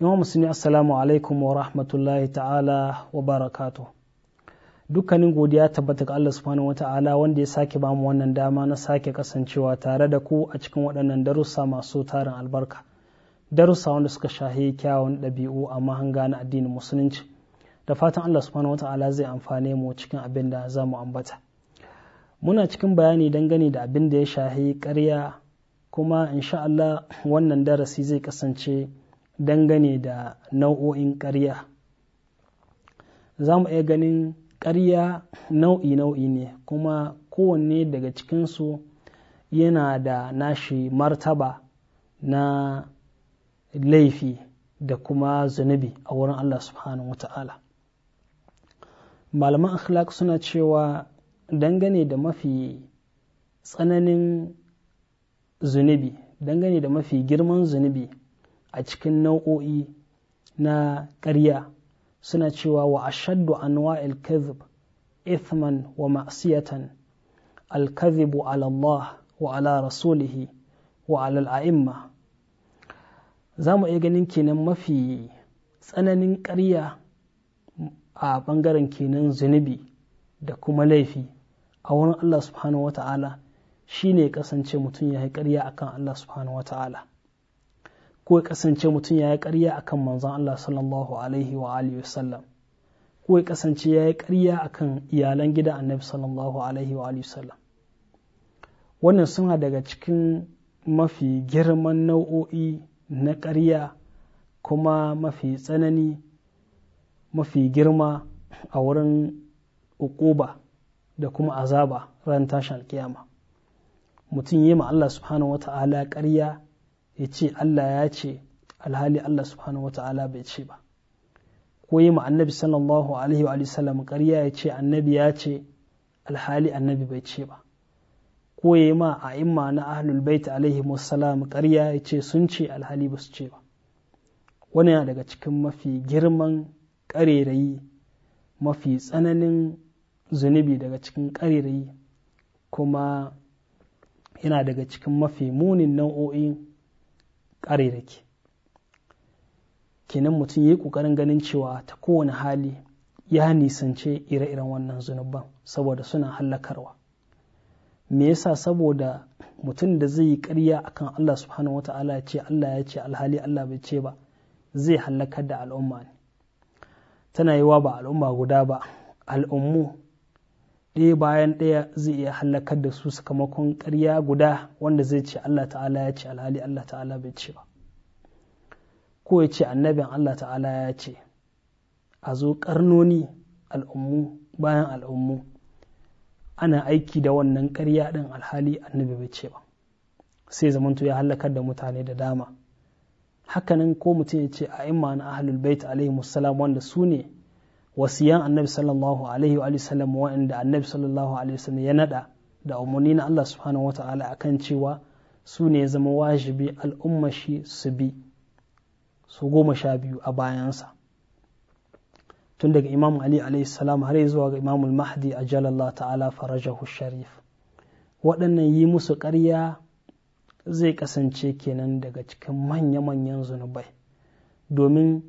wa musulmi assalamu alaikum wa rahmatullahi ta'ala wa barakatu dukkanin godiya tabbata ga Allah subhanahu wata'ala wanda ya sake bamu wannan dama na sake kasancewa tare da ku a cikin waɗannan darussa masu tarin albarka darussa wanda suka shahi kyawun ɗabi'u a mahanga na addinin musulunci da fatan Allah subhanahu wata'ala zai amfane mu cikin abin da za mu ambata muna cikin bayani dangane da abin da ya shahi karya kuma insha Allah wannan darasi zai kasance dangane da nau'o'in karya. za mu iya ganin karya nau'i-nau'i ne kuma kowanne daga cikinsu yana da nashi martaba na laifi da kuma zunubi a wurin Allah subhanahu wa ta'ala malaman akhlaq suna cewa dangane da mafi tsananin zunubi dangane da mafi girman zunubi a cikin nau'o'i na ƙarya suna cewa wa ashaddu anwa'il kadhib ithman wa ma'siyatan al kadhib ala Allah wa ala rasulihi wa ala al-a'imma zamu mu iya ganin kenan mafi tsananin ƙarya a bangaren kenan zunubi da kuma laifi a wurin Allah subhanahu wa ta'ala shi ne kasance mutum ya yi ƙarya akan Allah subhanahu wa ta'ala ko ya kasance mutum ya yi ƙarya akan manzon Allah sallallahu alaihi wa alihi wasallam ko ya kasance ya yi ƙarya akan iyalan gida annabi sallallahu alaihi wa alihi wasallam wannan suna daga cikin mafi girman nau'o'i na ƙarya kuma mafi tsanani mafi girma a wurin ukuba da kuma azaba ran tashin alkiyama mutum yi ma Allah subhanahu wa ta'ala ƙarya ya ce Allah ya ce alhali Allah subhanahu wata'ala bai ce ba ko yi annabi sallallahu alaihi wa sallam ƙarya ya ce annabi ya ce alhali annabi bai ce ba ko yi ma a imma na ahlul bait alaihi wassalam ƙarya ya ce sun ce alhali ba su ce ba wani yana daga cikin mafi girman ƙarerayi mafi tsananin zunubi daga cikin ƙarerayi kuma yana daga cikin mafi munin nau'o'in ke kenan mutum ya yi ƙoƙarin ganin cewa ta kowane hali ya nisance ire-iren wannan zunuban saboda suna hallakarwa me yasa saboda mutum da zai yi ƙarya akan Allah subhanahu wata'ala ya ce Allah ya ce alhali Allah bai ce ba zai hallakar da al'umma ne tana yiwa ba al'umma guda ba al'ummu ɗaya bayan ɗaya zai iya halakar da su sakamakon karya guda wanda zai ce Allah ta'ala ya ce alhali Allah ta'ala bai ce ba ko ya ce annabin Allah ta'ala ya ce a zo karnoni al'ummu bayan al'ummu ana aiki da wannan ƙarya ɗin alhali annabi bai ce ba sai zamanto ya halakar da mutane da dama hakanan ko mutum ya ce a imma na ahlul bait alaihi wanda su ne wasiyan annabi sallallahu alaihi wa sallam wa'anda annabi sallallahu alaihi wasallam ya nada da umarni na Allah subhanahu wata'ala akan cewa su ne zama wajibi al'umma shi su bi su goma sha biyu a bayansa tun daga imam ali alaihi salam har zuwa ga imamul mahdi a jalallah ta'ala farajahu sharif waɗannan yi musu ƙarya zai kasance kenan daga cikin manya-manyan zunubai domin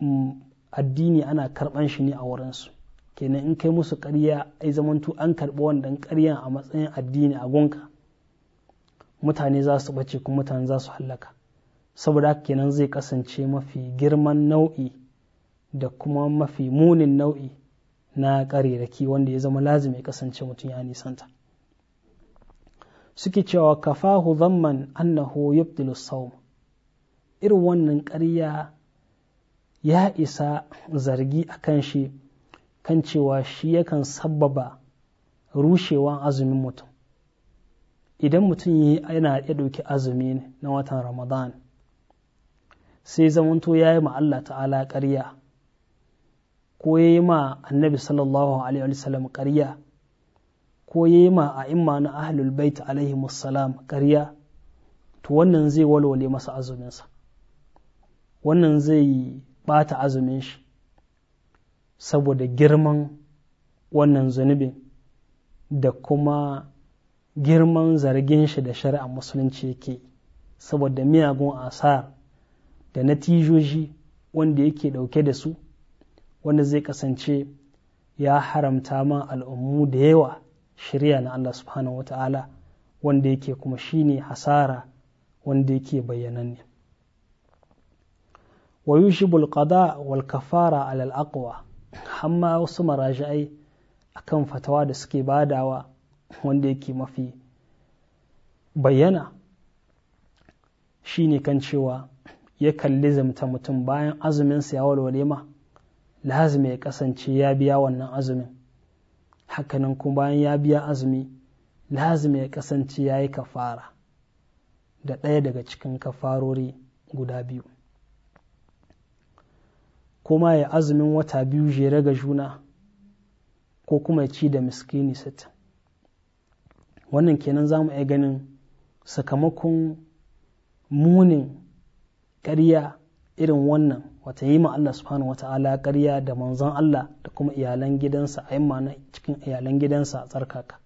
mm, addini ana karɓan shi ne a wurinsu kenan in kai musu karya ai zamantu an karɓi wannan ƙaryan a matsayin addini a gunka mutane za su ɓace kuma mutane za su hallaka saboda haka kenan zai kasance mafi girman nau'i da kuma mafi munin nau'i na ƙarerake wanda ya zama lazim ya kasance mutum ya nisanta suke cewa kafahu zamman annahu yubdilu sawm irin wannan ƙarya ya isa zargi a kan shi kan cewa shi yakan sabbaba rushewan azumin mutum idan mutum yana ya ɗauki azumi na watan ramadan sai zamanto ya yi ma Allah ta'ala ƙarya ko ya yi ma annabi sallallahu alaihi wasallam ƙarya ko ya yi ma a imma na ahlul bait alaihi musallam ƙarya to wannan zai walwale masa azuminsa wannan zai bata azumin shi saboda girman wannan zunubin da kuma girman zargin shi da shari'a musulunci yake saboda miyagun asar da natijoji wanda yake ɗauke da su wanda zai kasance ya haramta ma al'ummu da yawa shirya na Allah subhanahu wa ta'ala wanda yake kuma shine hasara wanda yake bayyananne wa yushibul qada wal kafara alal aqwa hamma wasu maraji'ai akan fatawa da suke badawa wanda yake mafi bayyana shine kan cewa ya kalli zamta mutum bayan azuminsa ya walwale ma Lazimi ya kasance ya biya wannan azumin hakanan kuma bayan ya biya azumi lazimi ya kasance ya yi kafara da ɗaya daga cikin kafarori guda biyu ko ma ya azumin wata biyu jere ga juna ko kuma ya ci da miskini sita wannan kenan za mu iya ganin sakamakon munin ƙarya irin wannan wata yi ma Allah subhanahu wa ta'ala ƙarya da manzon Allah da kuma iyalan gidansa a yamma na cikin iyalan gidansa a tsarkaka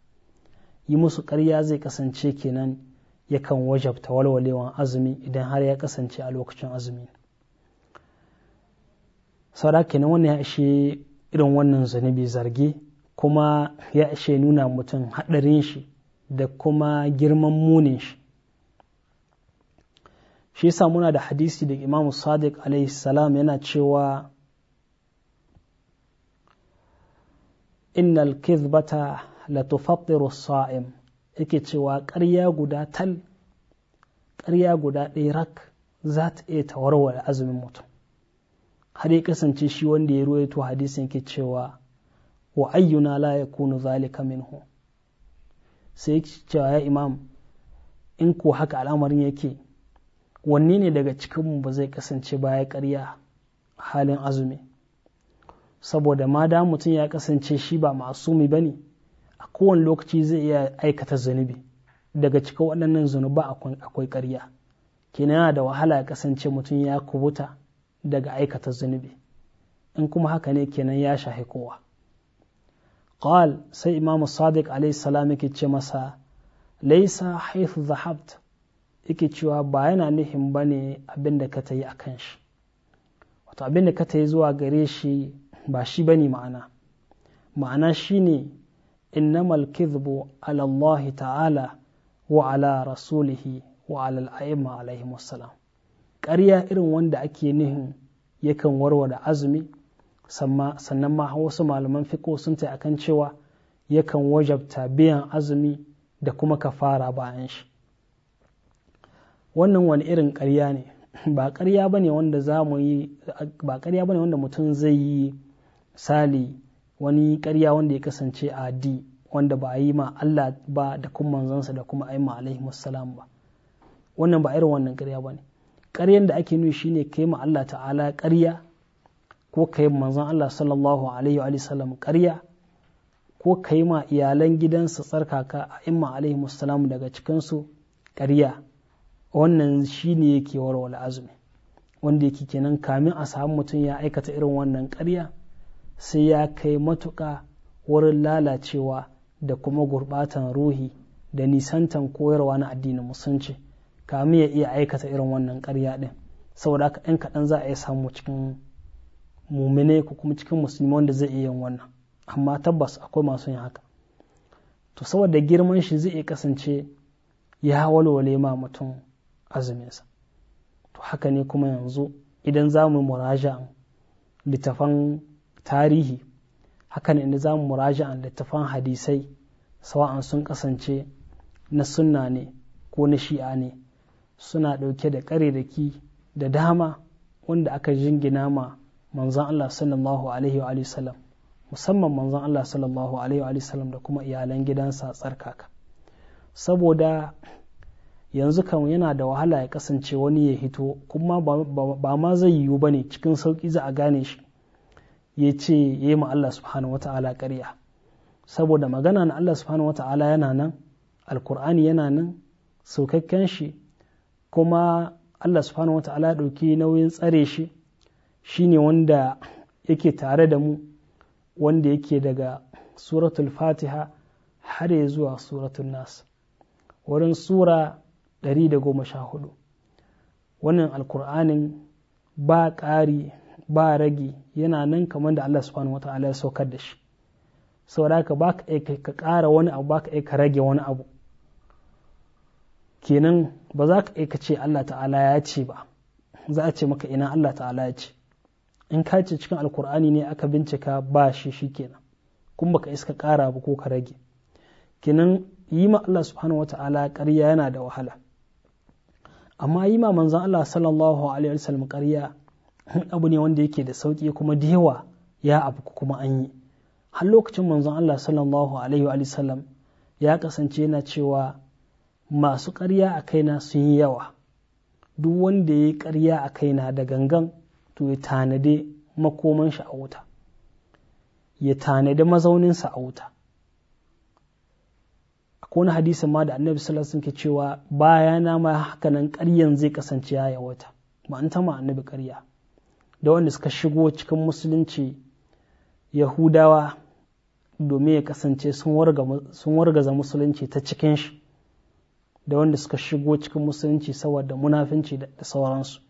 yi musu ƙarya zai kasance kenan yakan wajabta walwalewan azumi idan har ya kasance a lokacin azumi saboda kenan wannan ya ishe irin wannan zunubi zarge kuma ya ishe nuna mutum haɗarin shi da kuma girman munin shi shi yasa muna da hadisi da imamu sadiq alaihi yana cewa innal kizbata la tufattiru sa'im yake cewa ƙarya guda tal ƙarya guda ɗaya rak za ta iya tawarware azumin mutum har ya kasance shi wanda ya ruwaito hadisin ke cewa wa ayyuna la kunu zalika minhu sai cewa ya imam in ko haka al'amarin yake wanne ne daga cikinmu ba zai kasance ba ya karya halin azumi saboda ma da mutum ya kasance shi ba masumi ba ne a kowane lokaci zai iya aikata zunubi daga cikin waɗannan zunuba akwai karya kenan yana da wahala ya kasance mutum ya kubuta daga aikata zunubi in kuma haka ne kenan ya shahi kowa qal sai imam sadiq alayhi salam yake ce masa laisa haythu dhahabt yake cewa ba yana nihin bane abin da ka tayi akan shi wato abinda ka tayi zuwa gare shi ba shi bane ma'ana ma'ana shine innamal kidhbu ala Allah ta'ala wa ala rasulihi wa ala al-a'imma alayhi ƙarya irin wanda ake nihin yakan warware azumi sannan ma wasu malaman fiko sun ta akan cewa yakan wajabta biyan azumi da kuma kafara bayan shi wannan wani irin ƙarya ne ba ƙarya ba ne wanda za mu yi ba ƙarya ba ne wanda mutum zai yi misali wani ƙarya wanda ya kasance a di wanda ba a yi ma Allah ba da kuma manzansa da kuma a yi ma alaihi ba wannan ba irin wannan ƙarya ba ne ƙaryan da ake nufi shine kai Allah ta'ala ƙarya ko kai manzon Allah sallallahu alaihi wa sallam ƙarya ko kai ma iyalan gidansa tsarkaka a imma alaihi musallam daga cikinsu ƙarya wannan shine yake warware azumi wanda yake kenan kamin a samu mutum ya aikata irin wannan ƙarya sai ya kai matuƙa wurin lalacewa da kuma gurbatan ruhi da nisantan koyarwa na addinin musulunci kamin ya iya aikata irin wannan ƙarya ɗin saboda haka ɗan kaɗan za a iya samu cikin mumine ko kuma cikin musulmi wanda zai iya yin wannan amma tabbas akwai masu yin haka to saboda girman shi zai iya kasance ya walwale ma mutum azuminsa to haka ne kuma yanzu idan za mu muraja'an littafan tarihi ne inda za mu muraja'an littafan hadisai sawa'an sun kasance na sunna ne ko na shi'a ne suna ɗauke da karedaki da dama wanda aka jingina ma manzan Allah sallallahu alaihi wa salam musamman manzan Allah sallallahu alaihi wa salam da kuma iyalan gidansa tsarkaka saboda yanzu kam yana da wahala ya kasance wani ya hito kuma ba ma zai yiwu ba ne cikin sauki za a gane shi ya ce ya yi ma Allah subhanahu wa ta'ala ƙarya saboda magana na Allah subhanahu wa ta'ala yana nan alkur'ani yana nan saukakken shi kuma Allah subhanahu wata'ala ɗauki nauyin tsare shi shi ne wanda yake tare da mu wanda yake daga suratul fatiha har zuwa suratul nas wurin sura 114 wannan alkur'anin ba ƙari ba ragi yana nan kamar da Allah subhanahu wata'ala ya saukar da shi saboda ka ba ka ƙara wani abu ba ka rage wani abu kenan ba za ka ka ce Allah ta'ala ya ce ba za a ce maka ina Allah ta'ala ya ce in ka ce cikin alkur'ani ne aka bincika ba shi shi kenan kun baka iska kara ba ko ka rage kenan yi ma Allah subhanahu wata'ala ƙarya yana da wahala amma yi ma manzan Allah sallallahu alaihi wasallam ƙarya abu ne wanda yake da sauƙi kuma da yawa ya abu kuma an yi har lokacin manzon Allah sallallahu alaihi wasallam ya kasance yana cewa masu ƙarya a kaina sun yi yawa duk wanda ya yi ƙarya a kaina da gangan to ya tanade makoman shi a wuta ya tanade mazauninsa a wuta akwai wani hadisi ma da annabi sallallahu alaihi ke cewa na ma haka nan karyan zai kasance ya wata ba an tama annabi ƙarya da wanda suka shigo cikin musulunci yahudawa domin ya kasance sun wargaza musulunci ta cikin shi da wanda suka shigo cikin musulunci saboda munafinci da sauransu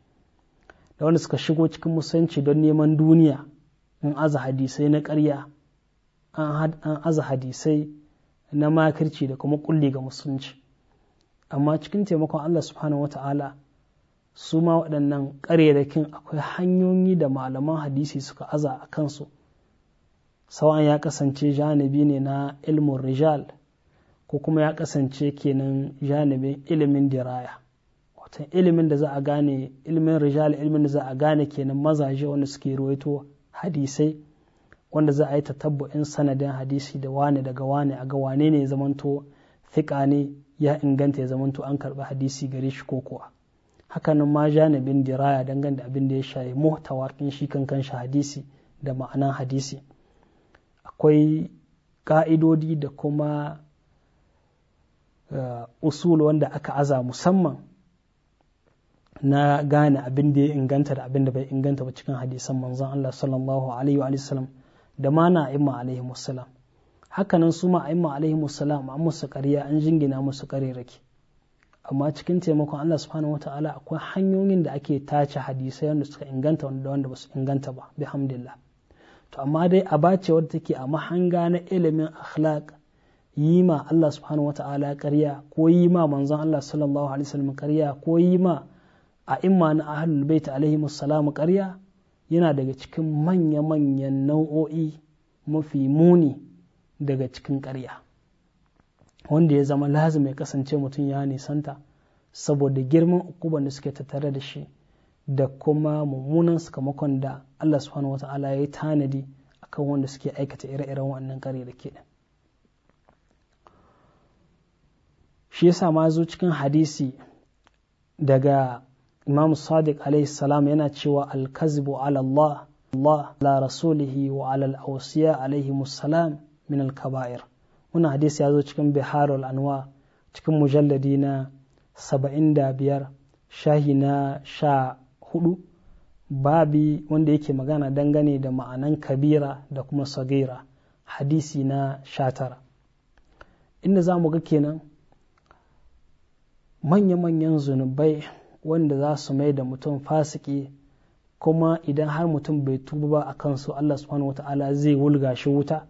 da wanda suka shigo cikin musulunci don neman duniya an aza hadisai na karya. an aza hadisai na makirci da kuma kulli ga musulunci amma cikin taimakon Allah subhanahu wa ta'ala su ma waɗannan kin akwai hanyoyi da malaman hadisi suka aza a kansu sawan ya kasance janibi ne na ilmun rijal ko kuma ya kasance kenan janibin ilimin diraya watan ilimin da za a gane ilimin rijal ilimin da za a gane kenan mazaje wanda suke ruwaito hadisai wanda za a yi tatabbu'in sanadin hadisi da wane daga wane a ga wane ne zamanto fiƙa ne ya inganta ya zamanto an karɓi hadisi gare shi ko kuwa hakanan ma janibin diraya dangane da abin da ya shaye muhtawakin shi kankan shi hadisi da ma'anan hadisi akwai ka'idodi da kuma Uh, usul wanda aka aza musamman na gane abin da ya inganta da abin da bai inganta ba cikin hadisan manzon Allah sallallahu alaihi wa sallam da ma na imma alaihi haka hakanan su ma imma alaihi musallam an musu ƙarya an jingina musu ƙarerake amma cikin taimakon Allah subhanahu wataala akwai hanyoyin da ake tace hadisai wanda suka inganta wanda wanda ba su inganta ba bihamdillah to amma dai a bace wadda take a mahanga na ilimin akhlaq yi ma Allah subhanahu wata'ala ƙarya ko yi ma manzon Allah sallallahu alaihi wasallam ƙarya ko yi ma a imma na ahlul bait alaihi musallamu ƙarya yana daga cikin manya-manyan nau'o'i mafi muni daga cikin karya. wanda ya zama lazim ya kasance mutum ya nisanta saboda girman ukuban da suke tattare da shi da kuma mummunan sakamakon da Allah subhanahu wata'ala ya tanadi akan wanda suke aikata ire-iren wannan ƙarya da ke shi yasa ma zo cikin hadisi daga imam sadiq alaihi salam yana cewa alkazbu ala Allah Allah la rasulihi wa ala al-awsiya alaihi musallam min al-kaba'ir wannan hadisi ya zo cikin biharul anwa cikin mujalladi na 75 shahi na sha hudu babi wanda yake magana dangane da ma'anan kabira da kuma sagira hadisi na sha inda za mu ga kenan manya-manyan zunubai wanda za su mai da mutum fasiki kuma idan har mutum bai tuba ba a kansu Allah subhanahu wata'ala zai wulga shi wuta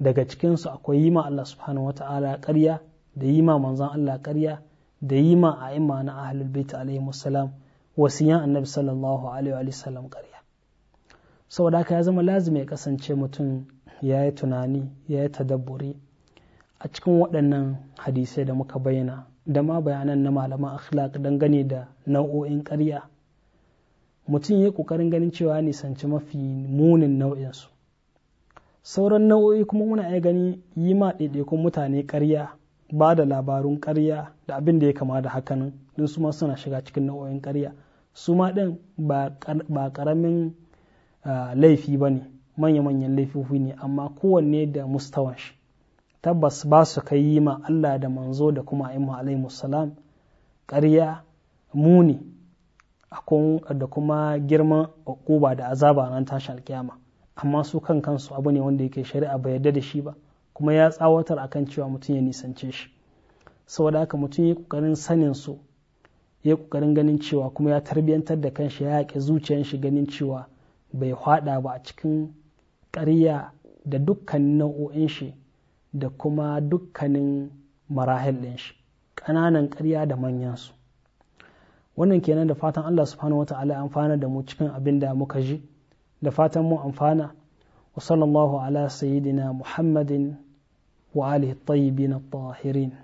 daga cikinsu akwai yi ma Allah subhanahu wata'ala ƙarya da yi ma manzan Allah karya da yi ma a ima na ahlul alayhi alaihi wasalam wasiyan annabi sallallahu alaihi wa sallam ƙarya saboda haka ya zama lazima ya kasance mutum ya yi tunani ya yi tadabburi a cikin waɗannan hadisai da muka bayyana da ma bayanan na malaman akhlaq gane da nau'o'in ƙarya mutum ya ƙoƙarin ganin cewa nisanci mafi munin nau'insu sauran nau'o'i kuma muna iya gani yi ma ɗaiɗaikun mutane ƙarya ba da labarun ƙarya da abin da ya kama da hakan don su ma suna shiga cikin nau'o'in ƙarya su ma ɗin ba ƙaramin ah, laifi ba ne manya-manyan laifofi ne amma kowanne da mustawanshi. tabbas ba su ka yi ma Allah da manzo da kuma a'imma alaihi salam ƙarya muni da kuma girman ƙuba da azaba nan tashin alkiyama amma su kan kansu abu ne wanda yake shari'a bai yarda da shi ba kuma ya tsawatar akan cewa mutum ya nisance shi saboda haka mutum ya kokarin sanin su ya kokarin ganin cewa kuma ya tarbiyantar da kanshi ya yaƙi zuciyar shi ganin cewa bai hwada ba a cikin ƙarya da dukkan nau'o'in shi da kuma dukkanin marahil ɗin shi ƙananan ƙarya da manyansu wannan kenan da fatan Allah subhanahu wa ta'ala amfana da mu cikin abin da muka ji da fatan mu amfana wa sallallahu ala sayyidina muhammadin wa alihi tayyibin tahirin